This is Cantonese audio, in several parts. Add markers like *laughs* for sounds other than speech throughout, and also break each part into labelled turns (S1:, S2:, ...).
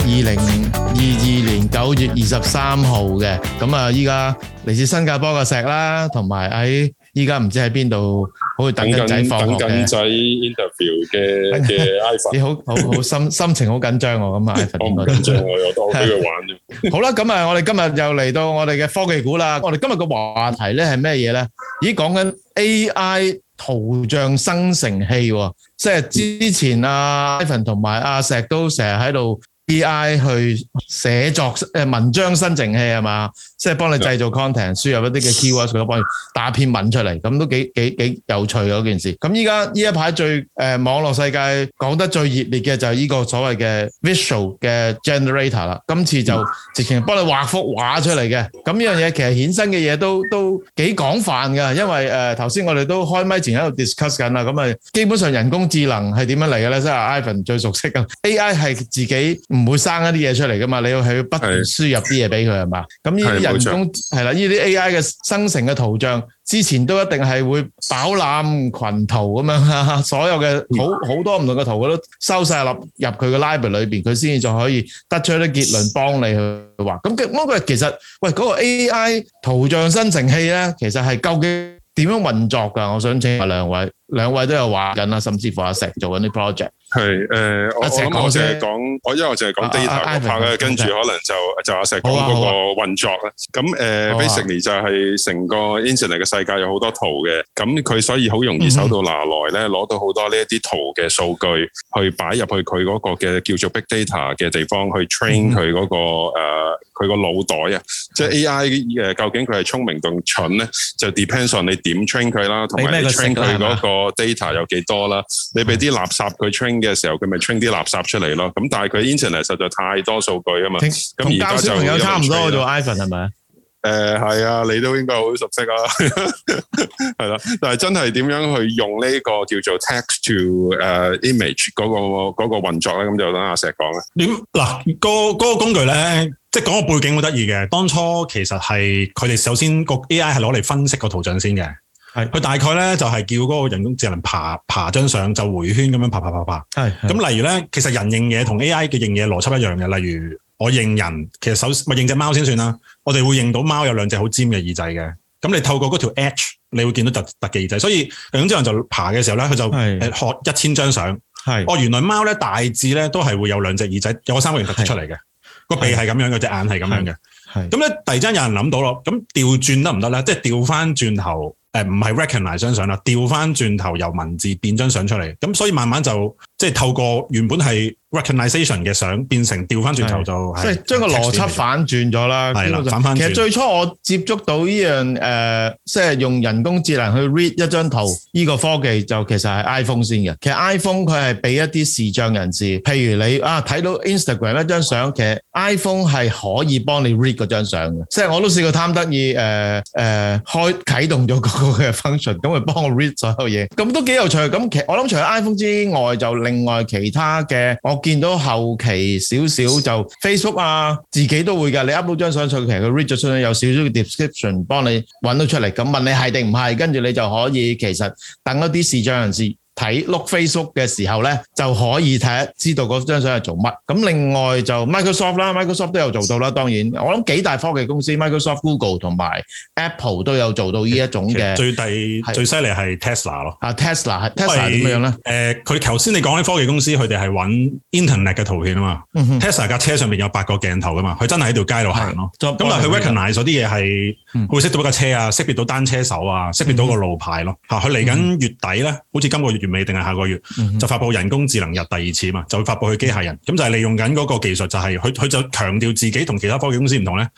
S1: 二零二二年九月二十三號嘅，咁啊依家嚟自新加坡嘅石啦，同埋喺依家唔知喺邊度，好去等緊仔放學嘅，等
S2: 緊仔 interview 嘅嘅 Ivan，你好好好心
S1: 心情好緊張我咁啊！我緊張 *laughs* 我， *laughs* 又都好中意玩啫好啦，咁啊，我哋今日又嚟到我哋嘅科技股啦。我哋今日個話題咧係咩嘢咧？咦，講緊 AI 圖像生成器，即係之前啊 Ivan 同埋阿石都成日喺度。AI 去寫作誒文章生成器係嘛？即係幫你製造 content，輸入一啲嘅 keywords，佢幫你打篇文出嚟，咁都幾幾幾有趣嗰件事。咁依家依呢一排最誒網絡世界講得最熱烈嘅就係呢個所謂嘅 visual 嘅 generator 啦。今次就直情幫你畫幅畫出嚟嘅。咁呢樣嘢其實衍生嘅嘢都都幾廣泛㗎，因為誒頭先我哋都開麥前喺度 discuss 緊啦。咁啊，基本上人工智能係點樣嚟㗎咧？即係 Ivan 最熟悉㗎，AI 係自己，唔會生一啲嘢出嚟噶嘛，你要去不斷輸入啲嘢俾佢係嘛？咁呢啲人工係啦，呢啲 A.I. 嘅生成嘅圖像，之前都一定係會飽覽群圖咁樣，所有嘅好好多唔同嘅圖，佢都收曬入入佢嘅 library 裏邊，佢先至就可以得出一啲結論幫你去畫。咁嘅嗰個其實，喂嗰個 A.I. 圖像生成器咧，其實係究竟點樣運作㗎？我想請吓兩位。兩位都有話緊啦，甚至乎阿石做緊啲 project。係，誒，我淨係講，
S2: 我因為我淨係講 data part 咧，跟住可能就就阿石講嗰個運作啦。咁誒，basically 就係成個 Internet 嘅世界有好多圖嘅，咁佢所以好容易手到拿來咧，攞到好多呢一啲圖嘅數據，去擺入去佢嗰個嘅叫做 big data 嘅地方去 train 佢嗰個誒，佢個腦袋啊，即係 AI 誒，究竟佢係聰明定蠢咧，就 depends on 你點 train 佢啦，同埋你 train 佢嗰個。個 data 有幾多啦？你俾啲垃圾佢 train 嘅時候，佢咪 train 啲垃圾出嚟咯。咁但係佢 internet 實在太多數據啊嘛。咁而家小朋友差唔多，做 iPhone 係咪啊？係、呃、啊，你都應該好熟悉啊。係 *laughs* 啦、啊，但係真係點樣去用呢個叫做 text to、uh, image 嗰、嗰個嗰、嗰個、運作咧？咁就等阿石講啦。
S3: 嗱、嗰個？嗰、嗰個工具咧，即係講個背景好得意嘅。當初其實係佢哋首先個 AI 係攞嚟分析個圖像先嘅。係佢大概咧，就係叫嗰個人工智能爬爬張相，就回圈咁樣爬爬爬爬。係咁，例如咧，其實人認嘢同 A.I. 嘅認嘢邏輯一樣嘅。例如我認人，其實首咪認隻貓先算啦。我哋會認到貓有兩隻好尖嘅耳仔嘅。咁你透過嗰條 edge，你會見到特技嘅耳仔。所以人工智能就爬嘅時候咧，佢就學一千張相。哦，原來貓咧大致咧都係會有兩隻耳仔，有個三角形突出嚟嘅。個鼻係咁樣嘅，隻眼係咁樣嘅。係咁咧，突然間有人諗到咯。咁調轉得唔得咧？即係調翻轉頭。誒唔係 recognize 張相啦，調翻轉頭由文字變張相出嚟，咁所以慢慢就。即係透過原本係 recognition 嘅相變成調翻轉頭，就即係將個邏輯反轉咗啦。係啦，反翻。其實最
S1: 初我接觸到依樣誒，即係用人工智能去 read 一張圖，依個科技就其實係 iPhone 先嘅。其實 iPhone 佢係俾一啲視障人士，譬如你啊睇到 Instagram 一張相，其實 iPhone 係可以幫你 read 嗰張相嘅。即係我都試過貪得意誒誒開啟動咗嗰個嘅 function，咁佢幫我 read 所有嘢，咁都幾有趣。咁其實我諗除咗 iPhone 之外，就另另外其他嘅，我見到後期少少就 Facebook 啊，自己都會㗎。你 upload 張相出嚟，其實佢 read 咗出嚟有少少嘅 description 幫你揾到出嚟，咁問你係定唔係，跟住你就可以其實等一啲視障人士。睇 look Facebook 嘅時候咧，就可以睇知道嗰張相係做乜。咁另外就 Microsoft 啦，Microsoft 都有做到啦。當然我諗幾大科技公司，Microsoft、Google 同埋 Apple 都有做到呢一種嘅。最低最犀利係 Tesla 咯。啊 Tesla Tesla 點
S3: 樣咧？誒、呃，佢頭先你講啲科技公司，佢哋係揾 Internet 嘅圖片啊嘛。嗯、Tesla 架車上面有八個鏡頭噶嘛，佢真係喺條街度行咯。咁佢 recognize 咗啲嘢係會識到架車啊、嗯，識別到單車手啊，嗯、識別到個路牌咯。佢嚟緊月底咧、嗯，好似今個月。未定，係下個月就發布人工智能日第二次嘛，就發布去機械人，咁就係利用緊嗰個技術，就係佢佢就強調自己同其他科技公司唔同咧，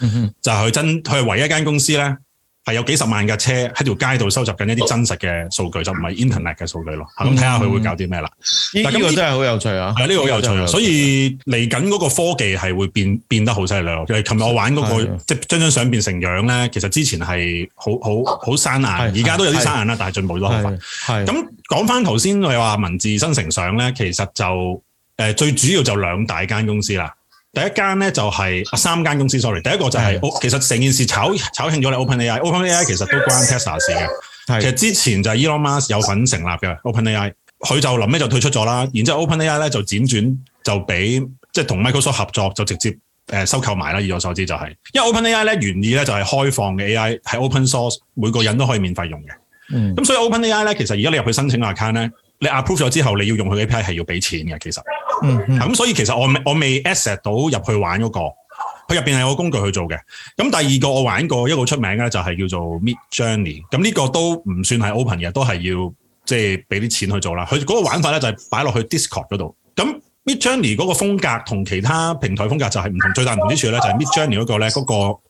S3: 就係、是、佢真佢係唯一一間公司咧。係有幾十萬架車喺條街度收集緊一啲真實嘅數據，就唔係 internet 嘅數據咯。咁睇下佢會搞啲咩啦？
S1: 但係呢、呢個真係好有趣啊！係、呢、呢個好有趣啊！所以
S3: 嚟緊嗰個科技係會變變得好犀利咯。誒，琴日我玩嗰、嗰個即將張相變成樣咧，其實之前係好好好生硬，而家都有啲生硬啦，但係進步好多。係咁講翻頭先，我話文字生成相咧，其實就、呃、最主要就兩大間公司啦。第一間咧就係、是、三間公司，sorry。第一個就係、是、其實成件事炒炒興咗你 Open AI，Open AI 其實都關 Tesla 事嘅。其實之前就係 Elon Musk 有份成立嘅 Open AI，佢就臨尾就退出咗啦。然之後 Open AI 咧就輾轉就俾即係同 Microsoft 合作，就直接誒收購埋啦。以我所知就係、是，因為 Open AI 咧原意咧，就係開放嘅 AI 係 open source，每個人都可以免費用嘅。咁、嗯、所以 Open AI 咧，其實而家你入去申請 account 咧。你 approve 咗之後，你要用佢嘅 API 係要俾錢嘅，其實。嗯嗯。咁、嗯、所以其實我我未 assess 到入去玩嗰、那個，佢入面係有個工具去做嘅。咁第二個我玩過一個出名嘅就係叫做 Mid Journey。咁呢個都唔算係 Open 嘅，都係要即係俾啲錢去做啦。佢嗰個玩法咧就係擺落去 Discord 嗰度。咁 Mid Journey 嗰個風格同其他平台風格就係唔同，最大唔同之處咧就係 Mid Journey 嗰、那個咧嗰、那個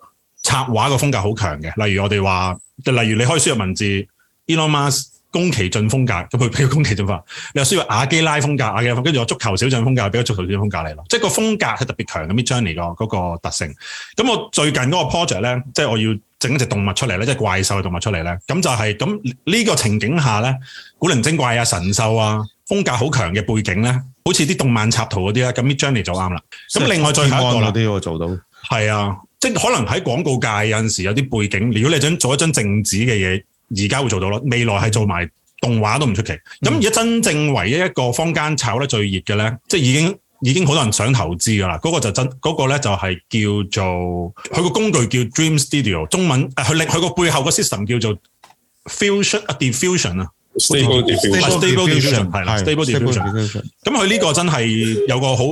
S3: 插畫嘅風格好強嘅。例如我哋話，例如你開輸入文字，Elon Musk 宮崎駿風格，咁佢俾宮崎駿風格你，又需要阿基拉風格，阿基拉風格，跟住有足球小將風格，俾個足球小將風格嚟。咯。即係個風格係特別強嘅 Midjourney 個嗰個特性。咁我最近嗰個 project 咧，即係我要整一隻動物出嚟咧，即係怪獸嘅動物出嚟咧。咁就係咁呢個情景下咧，古靈精怪啊、神獸啊，風格好強嘅背景咧，好似啲動漫插圖嗰啲咧，咁 Midjourney 就啱啦。咁另外再下一個啲我做到係啊，即可能喺廣告界有陣時有啲背景，如果你想做一張靜止嘅嘢。而家會做到咯，未來係做埋動畫都唔出奇。咁、嗯、而家真正唯一一個坊間炒得最熱嘅咧，即係已經已經好多人想投資噶啦。嗰、那個就真，嗰、那個咧就係叫做佢個工具叫 Dream Studio，中文佢令佢個背後個 system 叫做 Fusion 啊 Diffusion 啊 Stable，Stable Diffusion 係啦 Stable, Stable，Stable Diffusion。咁佢呢個真係有個好。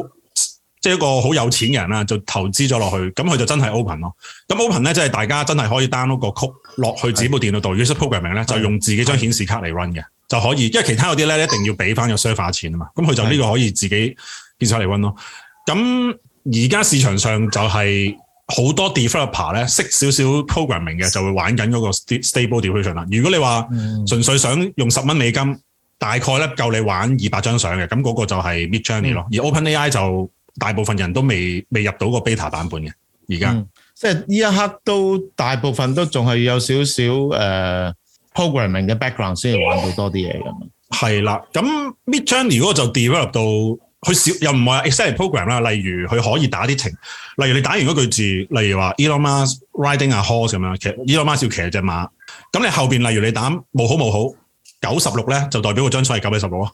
S3: 即係一個好有錢嘅人啦，就投資咗落去，咁佢就真係 Open 咯。咁 Open 咧，即係大家真係可以 download 個 code 落去自己部電腦度，如果識 programming 咧，就用自己張顯示卡嚟 run 嘅，就可以。因為其他嗰啲咧，一定要俾翻個 server 錢啊嘛。咁佢就呢個可以自己顯示卡嚟 run 咯。咁而家市場上就係好多 developer 咧，識少少 programming 嘅就會玩緊嗰個 stable diffusion 啦。如果你話純粹想用十蚊美金，大概咧夠你玩二百張相嘅，咁嗰個就係 Midjourney 咯、嗯，而 Open AI 就。
S1: 大部分人都未未入到個 beta 版本嘅，而家、嗯、即係依一刻都大部分都仲係有少少誒 programming 嘅 background 先玩到多啲嘢嘅。係、嗯、啦，
S3: 咁、嗯、Midjourney 嗰個就 develop 到佢少又唔係 excellent program 啦。例如佢可以打啲情，例如你打完嗰句字，例如話 Elon Musk riding a horse 咁樣，其實 Elon Musk 要騎隻馬。咁你後邊，例如你打冇好冇好九十六咧，就代表個張數係九比十六啊。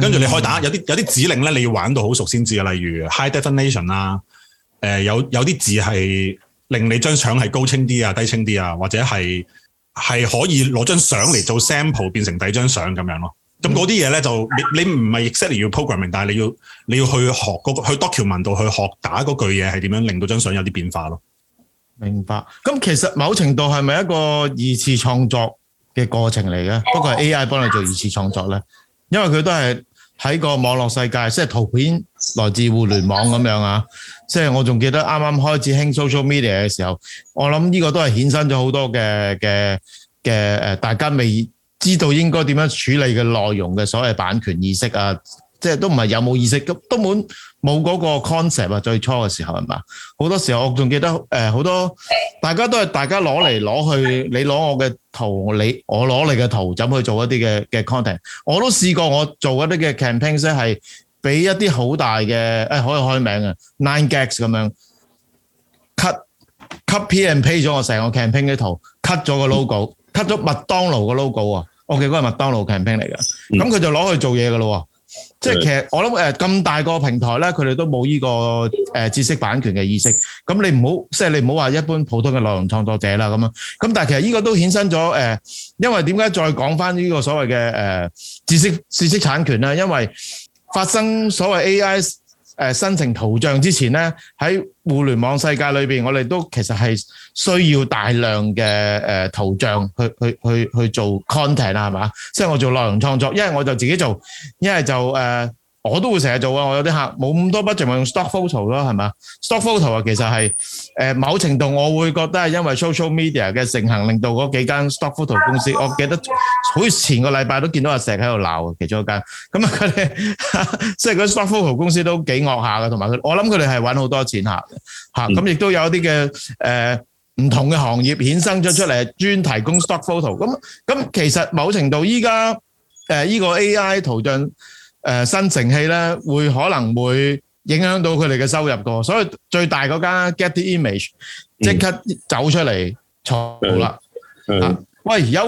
S3: 跟住你可以打，嗯、有啲有啲指令咧，你要玩到好熟先至啊，例如 high definition 啊、呃，誒有有啲字係令你張相係高清啲啊、低清啲啊，或者係係可以攞張相嚟做 sample 變成第二張相咁樣咯。咁嗰啲嘢咧就你你唔係 exactly 要 programming，但係你要你要去學
S1: 去 document 度去學打嗰句嘢係點樣令到張相有啲變化咯。明白。咁其實某程度係咪一個二次創作嘅過程嚟嘅？不過 AI 幫你做二次創作咧。因為佢都係喺個網絡世界，即係圖片來自互聯網咁樣啊。即係我仲記得啱啱開始興 social media 嘅時候，我諗呢個都係衍生咗好多嘅嘅嘅誒，大家未知道應該點樣處理嘅內容嘅所謂版權意識啊。即係都唔係有冇意識咁都本冇嗰個 concept 啊，最初嘅時候係嘛？好多時候我仲記得誒，好、呃、多大家都係大家攞嚟攞去，你攞我嘅圖，你我攞你嘅圖咁去做一啲嘅嘅 content。我都試過我做一啲嘅 campaign 咧，係俾一啲好大嘅誒，可以開名嘅 nine gags 咁樣 cut cut p and pay 咗我成個 campaign 嘅圖 cut 咗個 logo，cut 咗麥當勞個 logo 啊，OK，我記得嗰係麥當勞 campaign 嚟㗎，咁、嗯、佢就攞去做嘢㗎咯。即、就、係、是、其實我諗誒咁大個平台咧，佢哋都冇呢、這個誒、呃、知識版權嘅意識。咁你唔好，即、就、係、是、你唔好話一般普通嘅內容創作者啦，咁樣咁但係其實呢個都衍身咗誒，因為點解再講翻呢個所謂嘅誒、呃、知識知識產權咧？因為發生所謂 AI。誒生成圖像之前咧，喺互聯網世界裏面，我哋都其實係需要大量嘅誒、呃、圖像去去去去做 content 啦，係嘛？即係我做內容創作，一係我就自己做，一係就誒、呃、我都會成日做啊！我有啲客冇咁多 budget，就用 stock photo 咯，係嘛？stock photo 啊，其實係。誒某程度我會覺得係因為 social media 嘅盛行，令到嗰幾間 stock photo 公司，我記得好似前個禮拜都見到阿石喺度鬧啊，其中一間，咁啊佢哋即係嗰 stock photo 公司都幾惡下㗎，同埋佢我諗佢哋係揾好多錢嚇嚇，咁亦都有一啲嘅誒唔同嘅行業衍生咗出嚟，專提供 stock photo。咁咁其實某程度依家誒依個 AI 圖像誒生成器咧，會可能會。影響到佢哋嘅收入多，所以最大嗰間 Getty Images 即刻走出嚟，錯啦。嗯，喂，有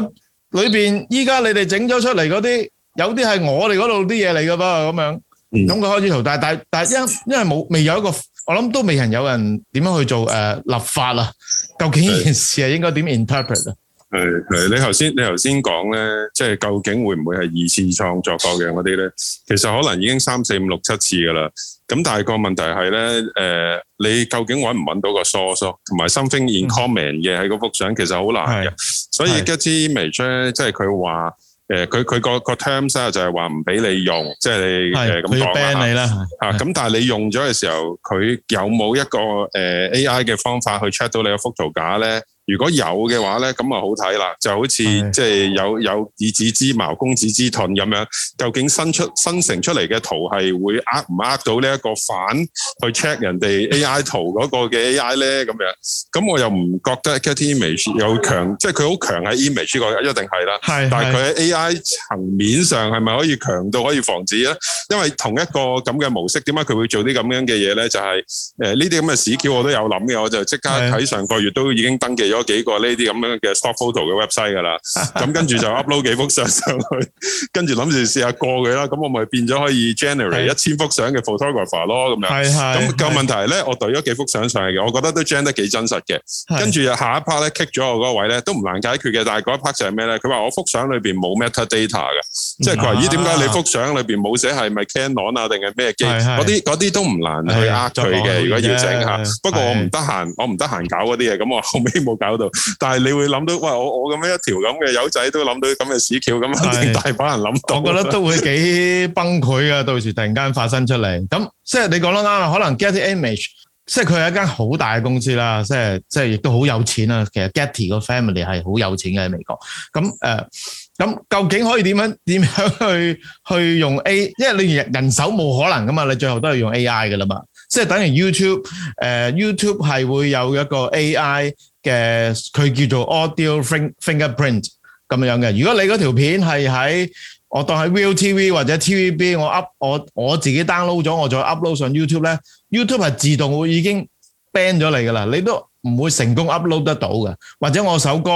S1: 裏邊依家你哋整咗出嚟嗰啲，有啲係我哋嗰度啲嘢嚟噶噃，咁樣，咁佢開始投，但係但係因因為冇未有一個，我諗都未係有人點樣去做誒立法啦。究竟呢件事係應該點 interpret 咧？
S2: 係，係你頭先，你頭先講咧，即係究竟會唔會係二次創作嗰樣嗰啲咧？其實可能已經三四五六七次噶啦。咁但係個問題係咧，誒，你究竟搵唔搵到個 source 同埋 something in common 嘅喺嗰幅相，其實好難嘅。所以 Getty Image 咧，即係佢話，誒，佢佢個個 terms 啊，就係話唔俾你用，即係誒咁講啦吓。咁但係你用咗嘅時候，佢有冇一個誒 AI 嘅方法去 check 到你嗰幅圖㗎咧？如果有嘅話咧，咁啊好睇啦，就好似即係有有，有以子之矛攻子之盾咁樣。究竟新出生成出嚟嘅圖係會呃唔呃到呢一個反去 check 人哋 A I 圖嗰個嘅 A I 咧？咁樣咁我又唔覺得 Getty Image 有強，即係佢好強喺 image 個，一定係啦。但係佢喺 A I 層面上係咪可以強到可以防止咧？因為同一個咁嘅模式，點解佢會做啲咁樣嘅嘢咧？就係誒呢啲咁嘅史蹟，我都有諗嘅，我就即刻喺上個月都已經登記。咗幾個呢啲咁樣嘅 stock photo 嘅 website 㗎啦，咁跟住就 upload 幾幅相上去，跟住諗住試下過佢啦。咁我咪變咗可以 generate 一千幅相嘅 photographer 咯，咁樣。係係。咁個問題咧，我對咗幾幅相上嚟嘅，我覺得都 gen 得幾真實嘅。跟住下一 part 咧，kick 咗我嗰位咧，都唔難解決嘅。但係嗰一 part 就係咩咧？佢話我幅相裏面冇 metadata 嘅。即係佢話咦？點解你幅相裏邊冇寫係咪 Canon 啊？定係咩機？嗰啲嗰啲都唔難去呃佢嘅。如果要整吓，不過我唔得閒，我唔得閒搞嗰啲嘢。咁我後尾冇搞到。但係你會諗到喂！我我咁樣一條咁嘅友仔都諗到啲咁嘅屎橋，咁肯定大把人諗
S1: 到。我覺得都會幾崩潰㗎。到時突然間發生出嚟咁，即係你講得啱啊。可能 Getty Image，即係佢係一間好大嘅公司啦。即係即係亦都好有錢啊。其實 Getty 個 family 係好有錢嘅喺美國。咁誒。咁究竟可以點樣點樣去去用 A？因為你人手冇可能噶嘛，你最後都係用 AI 噶啦嘛。即係等於 YouTube，誒，YouTube 係會有一個 AI 嘅，佢叫做 Audio Fingerprint 咁樣嘅。如果你嗰條片係喺我當喺 ViuTV 或者 TVB，我 up 我我自己 download 咗，我再 upload 上 YouTube 咧，YouTube 係自動會已經 ban 咗你噶啦，你都唔會成功 upload 得到嘅。或者我首歌。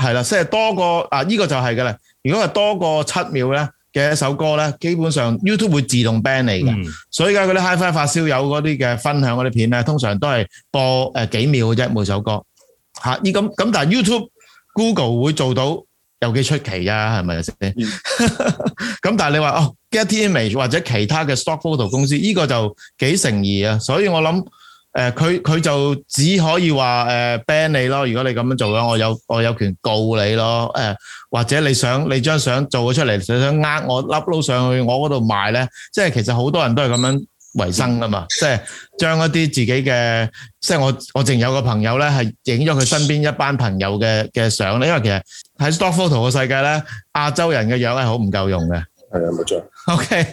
S1: 係啦，即係多過啊！依個就係㗎啦。如果話多過七秒咧嘅一首歌咧，基本上 YouTube 會自動 ban 你嘅。所以而家嗰啲 HiFi 發燒友嗰啲嘅分享嗰啲片咧，通常都係播誒幾秒嘅啫，每首歌嚇。依咁咁，但係 YouTube、Google 會做到有幾出奇啊？係咪先？咁但係你話哦，Getty Images 或者其他嘅 stock photo 公司，依個就幾成疑啊。所以我諗。誒佢佢就只可以話誒 ban 你咯，如果你咁樣做嘅，我有我有權告你咯。誒或者你想你張相做咗出嚟，你想想呃我 upload 上去我嗰度賣咧，即係其實好多人都係咁樣為生噶嘛，即係將一啲自己嘅，即係我我淨有個朋友咧係影咗佢身邊一班朋友嘅嘅相咧，因為其實喺 *laughs* Stock Photo 個世界咧，亞洲人嘅樣係好唔夠用嘅。係啊，冇錯。OK，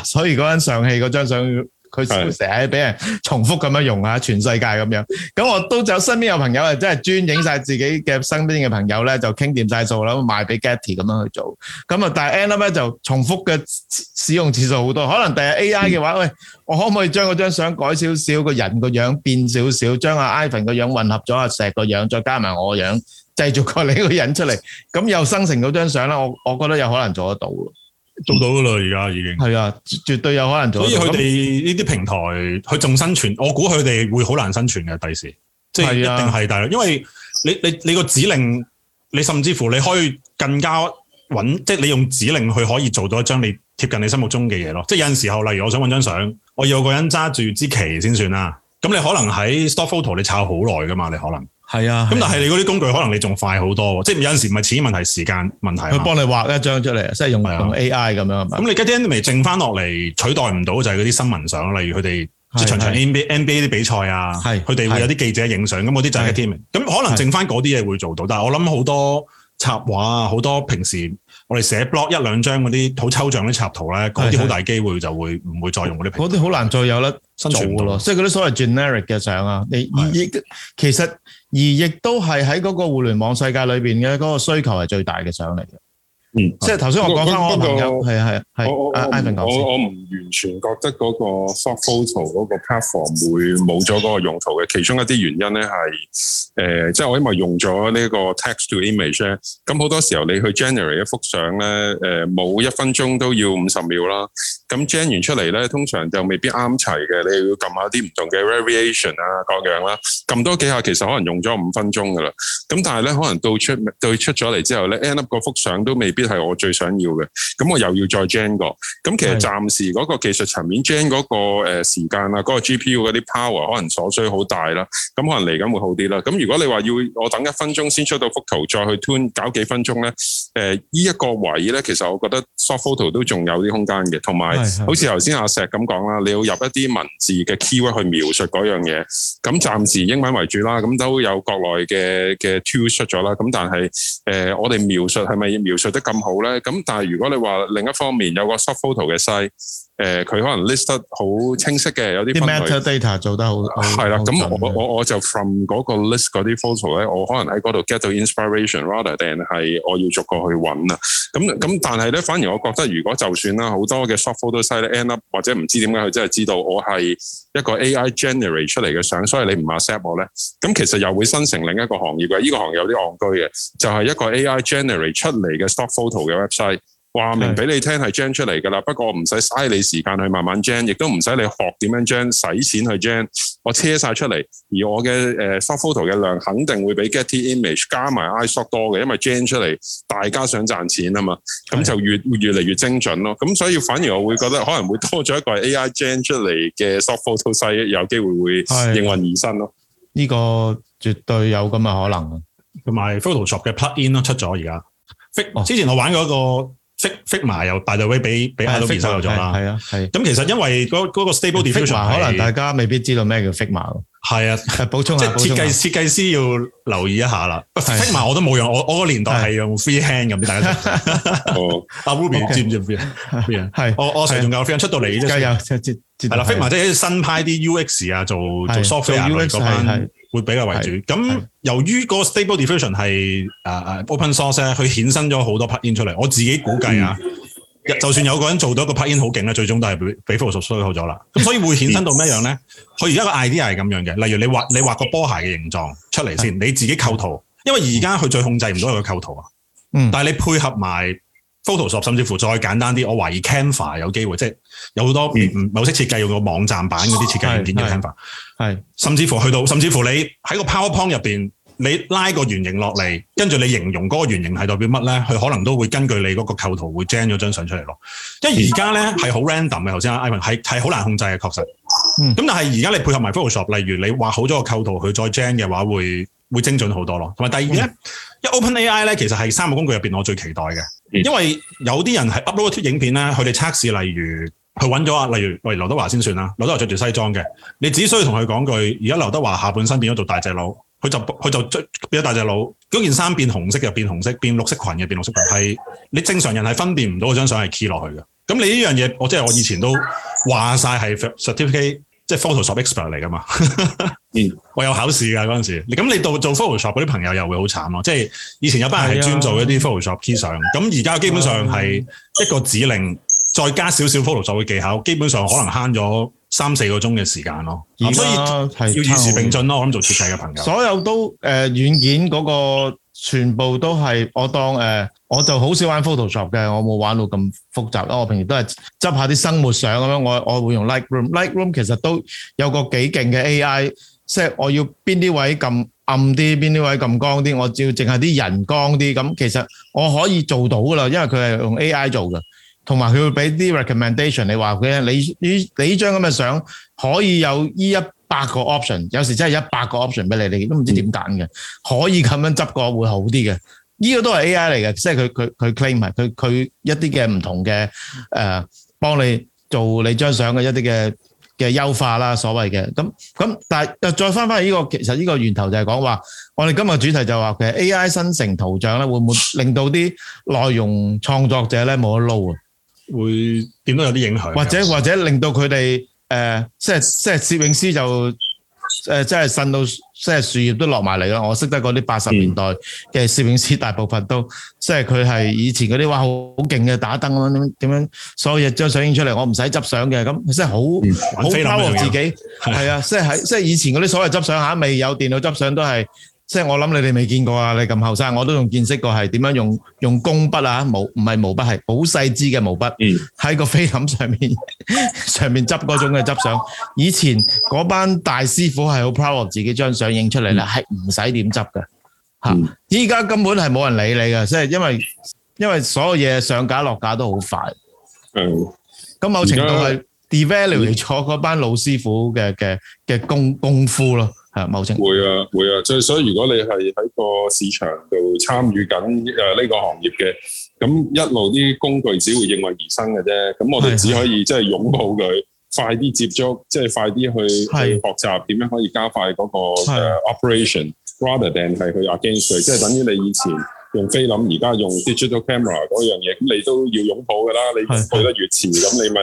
S1: *laughs* 所以嗰張上氣嗰張相。佢成日俾人重複咁樣用啊，全世界咁樣。咁我都就有身邊有朋友啊，真係專影晒自己嘅身邊嘅朋友咧，就傾掂晒數啦，賣俾 Getty 咁樣去做。咁啊，但係 An 呢就重複嘅使用次數好多。可能第日 AI 嘅話，嗯、喂，我可唔可以將嗰張相改少少，個人個樣變少少，將阿 Ivan 個樣混合咗阿石個樣，再加埋我個樣，製造個你個人出嚟，咁又生成嗰張相咧？我我覺得有可能做得到。做到啦！而家已經係啊，絕對有可能做到。所以佢哋
S3: 呢啲平台，佢仲生存，我估佢哋會好難生存嘅。第時、啊、即係一定係，但係因為你你你個指令，你甚至乎你可以更加揾，即係你用指令去可以做到一張你貼近你心目中嘅嘢咯。即係有陣時候，例如我想揾張相，我要有個人揸住支旗先算啦。咁你可能喺 Stock Photo 你抄好耐噶嘛？你可能。係啊，咁、啊、但係你嗰啲工具可能你仲快好多喎，即係有陣時唔係錢問題，時間問題。佢幫你畫一張出嚟，即係用、啊、用 AI 咁樣。咁、啊、你 Getty 未？剩翻落嚟取代唔到，就係嗰啲新聞相，例如佢哋即場場 NBA 啲比賽啊，佢哋會有啲記者影相，咁嗰啲就係 Getty。咁可能剩翻嗰啲嘢會做到，但係我諗好多插畫啊，好多平時。我哋寫
S1: blog 一兩張嗰啲好抽象啲插圖咧，嗰啲好大機會就會唔會再用嗰啲。嗰啲好難再有得新做㗎咯，即係嗰啲所謂 generic 嘅相啊。你亦其實而亦都係喺嗰個互聯網世界裏面嘅嗰個需求係最大嘅相嚟嘅。嗯，即係頭先我講翻我個係啊係啊，我、
S2: 那個、我我唔完全覺得嗰個 stock photo 嗰個 platform 會冇咗嗰個用途嘅。其中一啲原因咧係，誒、呃，即係我因為用咗呢個 text to image 咧，咁好多時候你去 generate 一幅相咧，誒、呃，冇一分鐘都要五十秒啦。咁 generate 完出嚟咧，通常就未必啱齊嘅，你要撳下啲唔同嘅 variation 啊各樣啦，撳多幾下，其實可能用咗五分鐘噶啦。咁但係咧，可能到出到出咗嚟之後咧，end up 個幅相都未必。啲係我最想要嘅，咁我又要再 gen 個，咁其實暫時嗰個技術層面 gen 嗰個時間啦，嗰個，GPU 嗰啲 power 可能所需好大啦，咁可能嚟緊會好啲啦。咁如果你話要我等一分鐘先出到幅圖再去 tune 搞幾分鐘咧，誒呢一個位咧，其實我覺得 stock photo 都仲有啲空間嘅，同埋好似頭先阿石咁講啦，你要入一啲文字嘅 key word 去描述嗰樣嘢，咁暫時英文為主啦，咁都有國內嘅嘅 tools 出咗啦，咁但係誒、呃、我哋描述係咪描述得？咁好咧，咁但係如果你話另一方面有個 stock photo 嘅西。誒、呃、佢可能 list 得好清晰嘅，有啲 metadata
S1: 做得好。係啦，咁
S2: 我我我就 from 嗰個 list 嗰啲 photo 咧，我可能喺嗰度 get 到 inspiration，rather than 係我要逐個去揾啊。咁咁但係咧，反而我覺得如果就算啦，好多嘅 stock photo site end up 或者唔知點解佢真係知道我係一個 AI generate 出嚟嘅相，所以你唔 accept 我咧，咁其實又會生成另一個行業嘅。呢、這個行業有啲戇居嘅，就係、是、一個 AI generate 出嚟嘅 stock photo 嘅 website。話明俾你聽係 gen 出嚟噶啦，不過唔使嘥你時間去慢慢 gen，亦都唔使你學點樣 gen，使錢去 gen，我車晒出嚟。而我嘅誒 stock photo 嘅量肯定會比 Getty Image 加埋 iStock 多嘅，因為 gen 出嚟大家想賺錢啊嘛，咁就越越嚟越精準咯。咁所以反而我會覺得可能會多咗一個 AI gen 出嚟嘅 stock photo size 有機會會應運而生咯。呢、
S1: 呢個絕對有咁
S3: 嘅可能，同埋 Photoshop 嘅 plug in 咯出咗而家。之前我玩嗰個。Figma Figma 又大大會俾俾阿 Ruby 收咗啦，係啊，係。咁其實因為嗰嗰個 stable diffusion 可能大家未必知道咩叫 Figma 咯。係啊，補充下，即係設計設計師要留意一下啦。Figma 我都冇用，我我個年代係用 FreeHand 咁，大家知唔知？阿 Ruby 知唔知？Ruby 係，我我成日同我 friend 出到嚟，即係係啦，Figma 即係新派啲 UX 啊，做做 software 嗰班。會比較為主，咁由於個 stable diffusion 係誒誒 open source 呢，佢衍生咗好多 pattern 出嚟。我自己估計啊，就算有個人做到個 pattern 好勁咧，最終都係俾俾附數衰好咗啦。咁所以會衍生到咩樣咧？佢而家個 idea 係咁樣嘅，例如你畫你畫個波鞋嘅形狀出嚟先，你自己構圖，因為而家佢最控制唔到佢個構圖啊。嗯，但係你配合埋。Photoshop 甚至乎再簡單啲，我懷疑 Canva 有機會，即係有好多唔唔某識設計、嗯、用個網站版嗰啲設計軟件叫 Canva，甚至乎去到甚至乎你喺個 PowerPoint 入面，你拉個圓形落嚟，跟住你形容嗰個圓形係代表乜咧？佢可能都會根據你嗰個構圖會 gen 咗張相出嚟咯。因為而家咧係好 random 嘅，頭先 Ivan 係係好難控制嘅，確實。咁、嗯、但係而家你配合埋 Photoshop，例如你畫好咗個構圖，佢再 gen 嘅話，會會精準好多咯。同埋第二嘢，一、嗯、OpenAI 咧，其實係三個工具入邊我最期待嘅。因為有啲人係 upload 咗影片咧，佢哋測試，例如佢揾咗啊，例如喂劉德華先算啦，劉德華着住西裝嘅，你只需要同佢講句，而家劉德華下半身變咗做大隻佬，佢就佢就著變咗大隻佬，嗰件衫變紅色嘅變紅色，變綠色裙嘅變綠色裙，係你正常人係分辨唔到嗰張相係 key 落去嘅，咁你呢樣嘢，我即係我以前都話晒係 certificate。即係 Photoshop expert 嚟噶嘛、 *laughs* 嗯？我有考試㗎嗰陣時。咁你到做 Photoshop 嗰啲朋友又會好慘咯、啊。即係以前有班人係專做一啲 Photoshop 嘅相，咁而家基本上係一個指令再加少少 Photoshop 嘅技巧，基本上可能慳咗三四個鐘嘅時,時間咯、啊。咁所以要與時並進咯。我諗做設計嘅朋
S1: 友，所有都誒、呃、軟件嗰、那個。全部都係我當誒，我就好少玩 Photoshop 嘅，我冇玩到咁複雜咯。我平時都係執下啲生活相咁樣，我我會用 Lightroom。Lightroom 其實都有個幾勁嘅 AI，即係我要邊啲位咁暗啲，邊啲位咁光啲，我只要淨係啲人光啲咁，其實我可以做到噶啦，因為佢係用 AI 做嘅，同埋佢會俾啲 recommendation 你你。你話佢：「你呢？你呢張咁嘅相可以有呢一百個 option，有時真係一百個 option 俾你，你都唔知點揀嘅。可以咁樣執個會好啲嘅，呢、這個都係 AI 嚟嘅，即係佢佢佢 claim 係佢佢一啲嘅唔同嘅誒、呃，幫你做你張相嘅一啲嘅嘅優化啦，所謂嘅咁咁。但係再翻翻去呢個，其實呢個源頭就係講話，我哋今日主題就話嘅其實 AI 生成圖像咧，會唔會令到啲內容創作者咧冇得撈啊？會點都有啲影響，啊，或者或者令到佢哋。誒、呃，即係即係攝影師就誒、呃，即係呻到即係樹葉都落埋嚟咯。我識得嗰啲八十年代嘅攝影師、嗯，大部分都即係佢係以前嗰啲話好勁嘅打燈咁樣點樣，所有嘢張相影出嚟，我唔使執相嘅，咁即係好好驕傲自己。係啊，啊，即係喺即係以前嗰啲所謂執相吓，未有電腦執相都係。即係我諗你哋未見過啊！你咁後生，我都仲見識過係點樣用用工筆啊，毛唔係毛筆，係好細支嘅毛筆，喺個菲林上面上面執嗰種嘅執相。以前嗰班大師傅係好 proud of 自己張相影出嚟咧，係唔使點執㗎吓。依家根本係冇人理你嘅，即係因為因為所有嘢上架落架都好快。係咁，某程度係 devalue 咗嗰班老師傅嘅嘅嘅功功夫咯。係冇錯，
S2: 會啊會啊，即係所以如果你係喺個市場度參與緊誒呢個行業嘅，咁一路啲工具只會應運而生嘅啫，咁我哋只可以即係擁抱佢，快啲接觸，即係快啲去學習點樣可以加快嗰個誒 operation，rather than 係去 against 佢，即係等於你以前用菲林，而家用 digital camera 嗰樣嘢，咁你都要擁抱噶啦，你去得越遲，咁你咪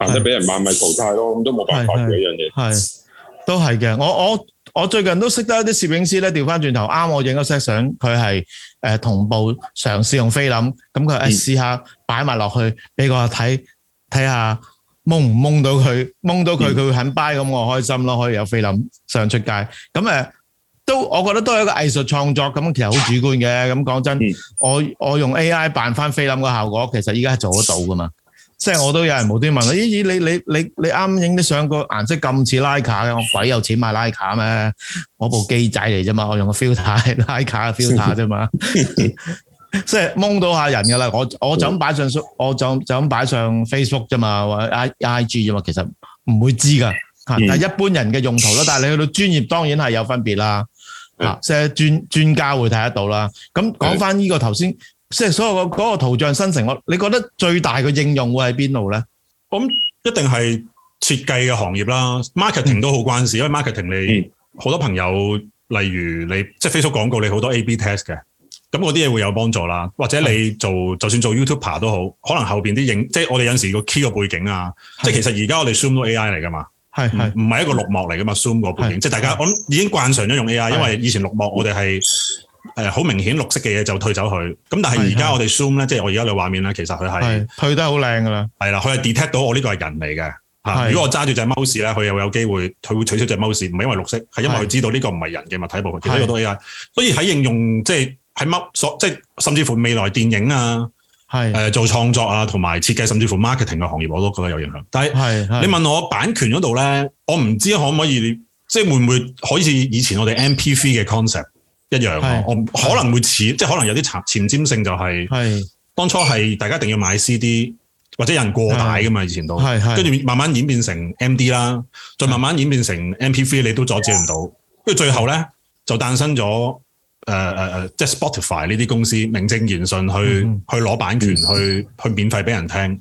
S2: 行得俾人慢，咪淘汰咯，咁都冇辦法嘅
S1: 呢樣嘢。係，都係嘅，我我。我最近都識得一啲攝影師咧，調翻轉頭，啱我影咗 set 相，佢係誒同步嘗試用菲林，咁佢誒試下擺埋落去，俾我睇睇下蒙唔蒙到佢，蒙到佢佢會肯 buy 咁，我開心咯，可以有菲林上出街。咁、嗯、誒都，我覺得都係一個藝術創作，咁其實好主觀嘅。咁講真，我我用 AI 扮翻菲林個效果，其實依家係做得到噶嘛。即係我都有人無端問，咦咦、欸、你你你你啱影啲相個顏色咁似徠卡嘅，我鬼有錢買徠卡咩？我部機仔嚟啫嘛，我用個 filter，徠卡嘅 filter 啫嘛。 *laughs* *laughs* 即係蒙到下人噶啦，我我就咁擺上，我就就咁擺上 Facebook 啫嘛，或者 I I G 啫嘛，其實唔會知噶。嗯、但係一般人嘅用途啦，但你去到專業當然係有分別啦。即係專，專家會睇得到啦。咁講翻呢個頭先。即係所有個嗰、嗰個圖像生成，我你覺得最大嘅應用會喺邊度咧？咁一定係設計嘅行業啦
S3: ，marketing 都好關事，因為 marketing 你好、嗯、多朋友，例如你即係 Facebook 廣告你很 A, B,，你好多 A/B test 嘅，咁嗰啲嘢會有幫助啦。或者你做就算做 YouTube 都好，可能後邊啲影，即係我哋有陣時個 key 個背景啊，即係其實而家我哋 zoom 都 AI 嚟噶嘛，係係唔係一個綠幕嚟噶嘛 zoom 個背景，是即係大家是我諗已經慣常咗用 AI，因為以前綠幕我哋係。誒、呃、好明顯綠色嘅嘢就退走佢，咁但係而家我哋 zoom 咧，是是即係我而家嘅畫面咧，其實佢係
S1: 退得好靚噶啦，
S3: 係啦，佢係 detect 到我呢個係人嚟嘅，嚇！如果我揸住隻 mouse 咧，佢又有機會，佢會取消隻 mouse，唔係因為綠色，係因為佢知道呢個唔係人嘅物體部分，呢個都係 AI。是是所以喺應用，即係喺所，即係甚至乎未來電影啊，是是呃、做創作啊，同埋設計，甚至乎 marketing 嘅行業，我都覺得有影響。但係你問我版權嗰度咧，我唔知可唔可以，即係會唔會好似以，以前我哋 MP3 嘅 concept？一樣我可能會似，即係可能有啲前瞻性、就係，就係當初係大家一定要買 CD 或者有人過大㗎嘛，以前都，跟住慢慢演變成 MD 啦，再慢慢演變成 MP3，你都阻止唔到，跟住最後咧就誕生咗誒誒誒，即係 Spotify 呢啲公司名正言順去、嗯、去攞版權去去免費俾人聽，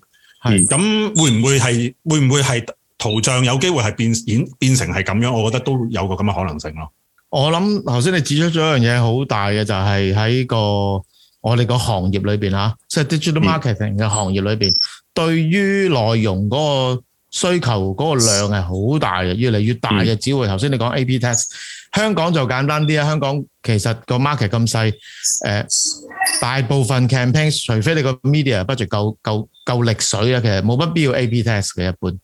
S3: 咁會唔會係會唔會係圖像有機會係變演變成係
S1: 咁樣？我覺得都有個咁嘅可能性咯。我諗頭先你指出咗一樣嘢好大嘅，就係喺個我哋個行業裏邊嚇，即係 digital marketing 嘅行業裏邊，對於內容嗰個需求嗰個量係好大嘅，越嚟越大嘅。只會頭先你講 A/B test，香港就簡單啲啊，香港其實個 market 咁細，誒大部分 campaign，除非你個 mediabudget 夠夠夠力水啊，其實冇乜必要 A/B test 嘅一般。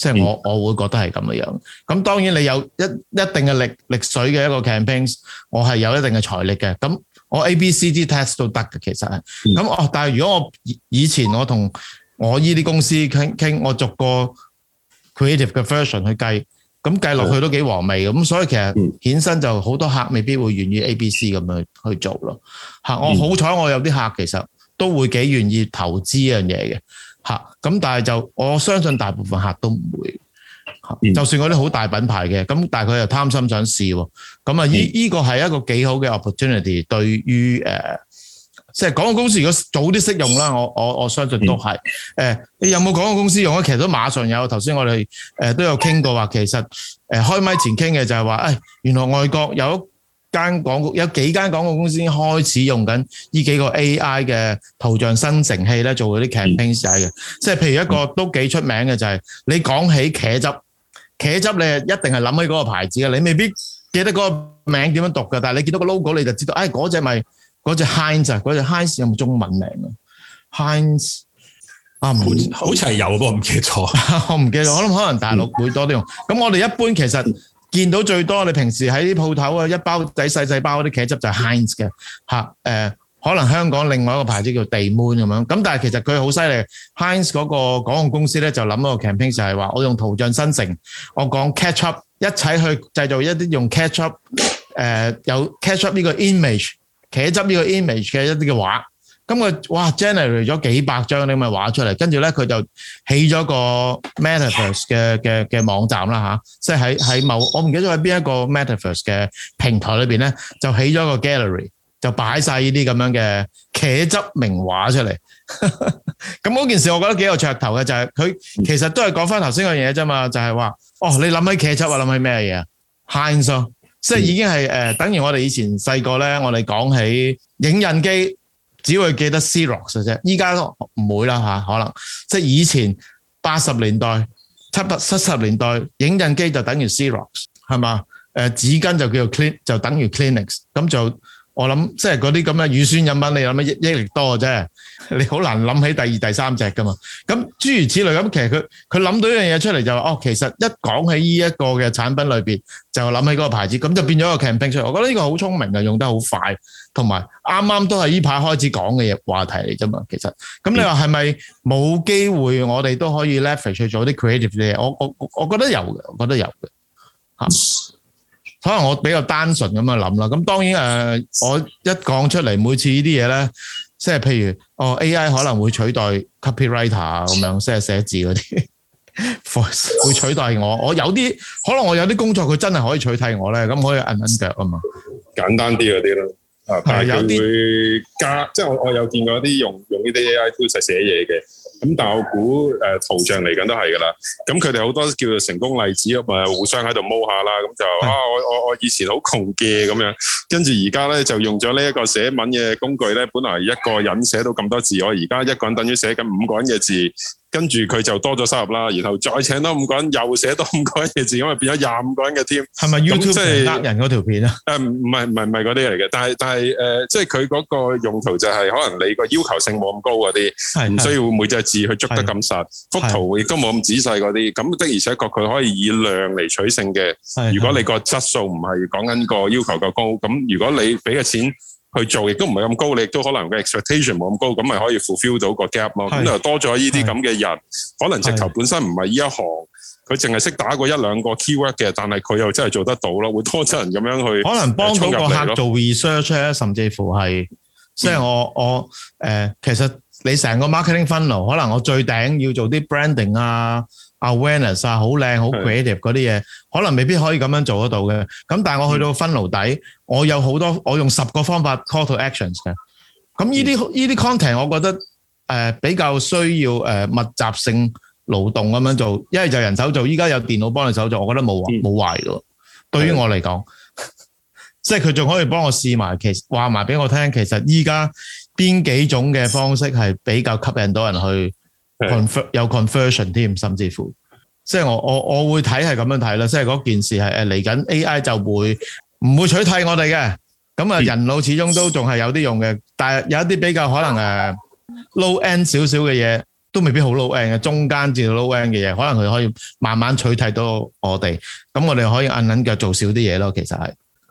S1: 即係我我會覺得係咁嘅樣，咁當然你有一一定嘅力力水嘅一個 campaigns，我係有一定嘅財力嘅，咁我 A、B、C、D test 都得嘅其實，咁哦，但係如果我以前我同我依啲公司傾傾，我逐個 creative 嘅 version 去計，咁計落去都幾和味嘅，咁所以其實顯身就好多客未必會願意 A、B、C 咁樣去做咯，吓，我好彩我有啲客其實都會幾願意投資一樣嘢嘅。吓，咁但係就我相信大部分客都唔會、嗯，就算嗰啲好大品牌嘅，咁但係佢又貪心想試，咁、嗯、啊，呢呢個係一個幾好嘅 opportunity，對於誒、呃、即係廣告公司如果早啲適用啦，我我我相信都係誒、嗯呃、你有冇廣告公司用啊？其實都馬上有，頭先我哋誒都有傾過話其實誒開麥前傾嘅就係話誒原來外國有。間廣告，有幾間廣告公司開始用緊呢幾個 AI 嘅圖像生成器咧，做嗰啲 campaign 使嘅。即係譬如一個都幾出名嘅，就係你講起茄汁，茄汁你係一定係諗起嗰個牌子嘅，你未必記得嗰個名點樣讀嘅，但係你見到個 logo 你就知道，哎，嗰隻咪嗰隻 Heinz 啊。嗰隻 Heinz 有冇中文名啊？Heinz 啊，唔好似係有，不過唔記得咗。我唔記得，我諗可能大陸會多啲用。咁我哋一般其實。見到最多你平時喺啲鋪頭啊，一包仔細細包嗰啲茄汁就係 Heinz 嘅。嚇、呃、可能香港另外一個牌子叫地捫咁樣。咁但係其實佢好犀利，Heinz 嗰個廣告公司咧就諗個 campaign 就係話，我用圖像生成，我講 ketchup 一齊去製造一啲用 ketchup 誒、呃、有 ketchup 呢個 image 茄汁呢個 image 嘅一啲嘅畫。咁佢哇，generate 咗幾百張呢啲畫出嚟，跟住咧佢就起咗個 Metaverse 嘅嘅嘅網站啦吓，即係喺喺某我唔記得咗喺邊一個 Metaverse 嘅平台裏面咧，就起咗個 gallery，就擺晒呢啲咁樣嘅茄汁名畫出嚟。咁嗰件事我覺得幾有噱頭嘅，就係、是、佢其實都係講翻頭先嘅嘢啫嘛，就係、是、話哦，你諗起茄汁啊，諗起咩嘢啊？像、嗯、素，即、就、係、是、已經係、呃、等於我哋以前細個咧，我哋講起影印機。只會記得 Xerox 嘅啫，依家唔會啦嚇，可能即以前八十年代、七七十年代，影印機就等於 Xerox 係嘛？誒、呃、紙巾就叫做 Clin 就等於 Kleenex 咁就。我諗即係嗰啲咁嘅乳酸飲品，你諗咩益益力多嘅啫？你好難諗起第二、第三隻噶嘛？咁諸如此類咁，其實佢佢諗到一樣嘢出嚟就話、是、哦，其實一講起呢一個嘅產品裏面，就諗起嗰個牌子，咁就變咗個個 campaign 出嚟。我覺得呢個好聰明啊，用得好快，同埋啱啱都係呢排開始講嘅嘢話題嚟啫嘛。其實咁你話係咪冇機會？我哋都可以 leverage 去做啲 creative 嘢？我我我覺得有嘅，我覺得有嘅。可能我比較單純咁樣諗啦，咁當然誒我一講出嚟每次呢啲嘢咧，即係譬如哦 AI 可能會取代 copywriter 咁樣，即係寫字嗰啲，會取代我。我有啲可能我有啲工作佢真係可以取代我咧，咁可以揞揞腳啊嘛，
S2: 簡單啲嗰啲咯。係有會加，即係我我有見過啲用用呢啲 AI tool 寫嘢嘅。咁但我估、呃、圖像嚟緊都係㗎啦，咁佢哋好多叫做成功例子，咁啊互相喺度摸下啦，咁就啊我我我以前好窮嘅咁樣，跟住而家咧就用咗呢一個寫文嘅工具咧，本來一個人寫到咁多字，我而家一個人等於寫緊五個人嘅字。跟住佢就多咗收入啦，然後再請多五個人，又寫多五個人嘅字，咁咪變咗廿五個人嘅添。係咪 YouTube？即係呃
S1: 人嗰條片啊？
S2: 誒唔係唔係唔係嗰啲嚟嘅，但係但係誒，即係佢嗰個用途就係可能你個要求性冇咁高嗰啲，唔需要每隻字去捉得咁實，幅圖亦都冇咁仔細嗰啲。咁的而且確佢可以以量嚟取勝嘅。如果你個質素唔係講緊個要求夠高，咁如果你俾嘅錢，去做亦都唔係咁高，你亦都可能個 expectation 冇咁高，咁咪可以 fulfill 到個 gap 咯。咁又多咗呢啲咁嘅人，可能直頭本身唔係呢一行，佢淨係識打過一兩個 keyword 嘅，但係佢又真係做得到咯，會拖質人咁樣去、呃，可能幫到個客做
S1: research 咧、啊，甚至乎係，即、嗯、係我我、呃、其實你成個 marketing funnel，可能我最頂要做啲 branding 啊。Awareness 啊，好靚好 creative 嗰啲嘢，可能未必可以咁樣做得到嘅。咁但係我去到分爐底，我有好多我用十個方法 call to actions 嘅。咁呢啲呢啲 content，我覺得誒、呃、比較需要誒、呃、密集性勞動咁樣做，因為就人手做。依家有電腦幫你手做，我覺得冇壞冇壞嘅。對於我嚟講，即係佢仲可以幫我試埋其實話埋俾我聽，其實依家邊幾種嘅方式係比較吸引到人去 convert 有 conversion 添，甚至乎，即係我我我會睇係咁樣睇啦，即係嗰件事係誒嚟緊 AI 就會唔會取替我哋嘅？咁啊人腦始終都仲係有啲用嘅，但係有一啲比較可能誒 low end 少少嘅嘢，都未必好 low end 嘅，中間至到 low end 嘅嘢，可能佢可以慢慢取替到我哋，咁我哋可以陰陰腳做少啲嘢咯，其實係。